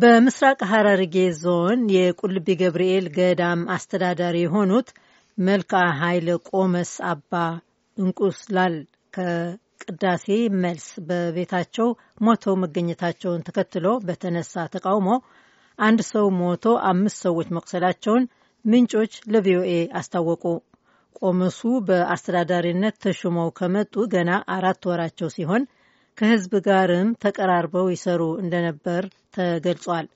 በምስራቅ ሐረርጌ ዞን የቁልቢ ገብርኤል ገዳም አስተዳዳሪ የሆኑት መልክዓ ኃይለ ቆመስ አባ እንቁስላል ከቅዳሴ መልስ በቤታቸው ሞተው መገኘታቸውን ተከትሎ በተነሳ ተቃውሞ አንድ ሰው ሞቶ አምስት ሰዎች መቁሰላቸውን ምንጮች ለቪኦኤ አስታወቁ። ቆመሱ በአስተዳዳሪነት ተሹመው ከመጡ ገና አራት ወራቸው ሲሆን ከህዝብ ጋርም ተቀራርበው ይሰሩ እንደነበር ተገልጿል።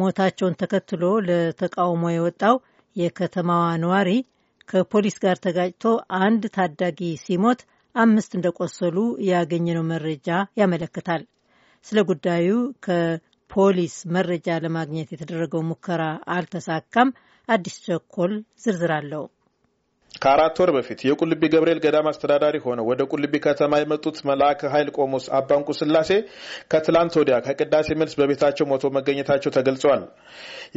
ሞታቸውን ተከትሎ ለተቃውሞ የወጣው የከተማዋ ነዋሪ ከፖሊስ ጋር ተጋጭቶ አንድ ታዳጊ ሲሞት አምስት እንደቆሰሉ ያገኘነው መረጃ ያመለክታል። ስለ ጉዳዩ ከፖሊስ መረጃ ለማግኘት የተደረገው ሙከራ አልተሳካም። አዲስ ቸኮል ዝርዝር አለው። ከአራት ወር በፊት የቁልቢ ገብርኤል ገዳም አስተዳዳሪ ሆነው ወደ ቁልቢ ከተማ የመጡት መልአከ ኃይል ቆሞስ አባንቁ ስላሴ ከትላንት ወዲያ ከቅዳሴ መልስ በቤታቸው ሞቶ መገኘታቸው ተገልጿል።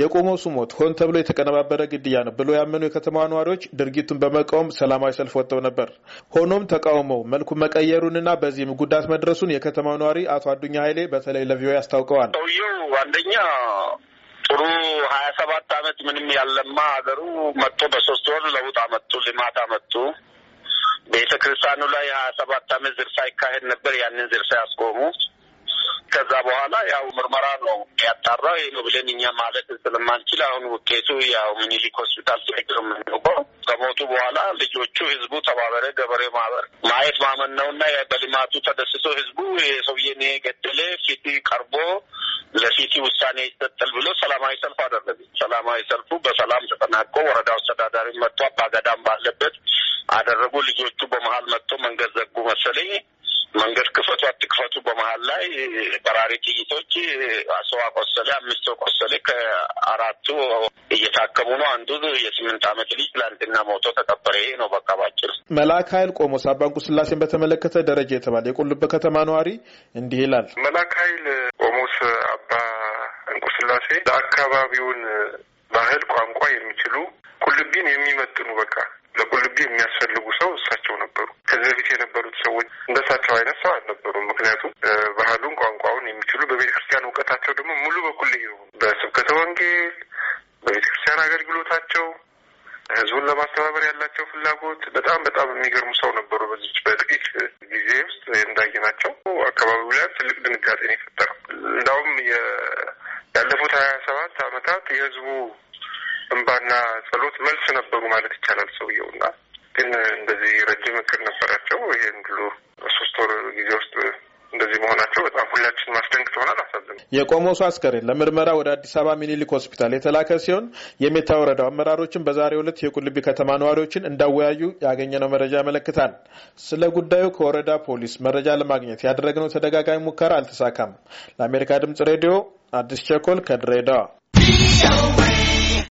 የቆሞሱ ሞት ሆን ተብሎ የተቀነባበረ ግድያ ነው ብሎ ያመኑ የከተማዋ ነዋሪዎች ድርጊቱን በመቃወም ሰላማዊ ሰልፍ ወጥተው ነበር። ሆኖም ተቃውሞው መልኩ መቀየሩንና በዚህም ጉዳት መድረሱን የከተማው ነዋሪ አቶ አዱኛ ኃይሌ በተለይ ለቪኦኤ አስታውቀዋል። ሰውየው አንደኛ ጥሩ ሀያ ሰባት አመት ምንም ያለማ ሀገሩ መጥቶ በሶስት ወር ለውጥ አመጡ፣ ልማት አመጡ። ቤተ ክርስቲያኑ ላይ ሀያ ሰባት አመት ዝርሳ ይካሄድ ነበር። ያንን ዝርሳ ያስቆሙ። ከዛ በኋላ ያው ምርመራ ነው ያጣራው። ይህ ነው ብለን እኛ ማለት ስለማንችል አሁን ውጤቱ ያው ምኒልክ ሆስፒታል ሳይቅር የምንቆ ከሞቱ በኋላ ልጆቹ ህዝቡ ተባበረ፣ ገበሬ ማህበር ማየት ማመን ነው እና በልማቱ ተደስቶ ህዝቡ የሰውዬን ገደለ ፊት ቀርቦ ለፊት ውሳኔ ይሰጠል ብሎ ሰላማዊ ሰልፍ አደረገ። ሰላማዊ ሰልፉ በሰላም ተጠናቆ ወረዳ አስተዳዳሪ መጥቶ አባገዳም ባለበት አደረጉ። ልጆቹ በመሀል መጥቶ መንገድ ዘጉ መሰለኝ። መንገድ ክፈቱ አትክፈቱ፣ በመሀል ላይ በራሪ ጥይቶች ሰው ቆሰለ፣ አምስት ሰው ቆሰለ። ከአራቱ እየታከሙ ነው። አንዱ የስምንት ዓመት ልጅ ትላንትና ሞቶ ተቀበረ። ይሄ ነው በቃ ባጭር። መልአክ ኃይል ቆሞስ አባ ስላሴን በተመለከተ ደረጃ የተባለ የቁልብ ከተማ ነዋሪ እንዲህ ይላል። መልአክ ኃይል ቆሞስ አባ እንቁ ስላሴ ለአካባቢውን ባህል ቋንቋ የሚችሉ ቁልቢን የሚመጥኑ በቃ ለቁልቢ የሚያስፈልግ እንደሳቸው አይነት ሰው አልነበሩም። ምክንያቱም ባህሉን ቋንቋውን የሚችሉ በቤተ ክርስቲያን እውቀታቸው ደግሞ ሙሉ በኩል በስብከተ ወንጌል በቤተ ክርስቲያን አገልግሎታቸው ህዝቡን ለማስተባበር ያላቸው ፍላጎት በጣም በጣም የሚገርሙ ሰው ነበሩ። በዚች በጥቂት ጊዜ ውስጥ እንዳየናቸው አካባቢው ላይ ትልቅ ድንጋጤን የፈጠረው እንዳውም ያለፉት ሀያ ሰባት አመታት የህዝቡ እንባና ጸሎት መልስ ነበሩ ማለት ይቻላል። ሰውየውና ግን እንደዚህ ረጅም እቅድ ነበራቸው። ይሄን ሁሉ ሁላችን ማስደንግጥ ሆናል። አሳዘነ የቆሞሱ አስከሬን ለምርመራ ወደ አዲስ አበባ ሚኒሊክ ሆስፒታል የተላከ ሲሆን የሜታ ወረዳው አመራሮችን በዛሬው ዕለት የቁልቢ ከተማ ነዋሪዎችን እንዳወያዩ ያገኘነው መረጃ ያመለክታል። ስለ ጉዳዩ ከወረዳ ፖሊስ መረጃ ለማግኘት ያደረግነው ተደጋጋሚ ሙከራ አልተሳካም። ለአሜሪካ ድምጽ ሬዲዮ አዲስ ቸኮል ከድሬዳዋ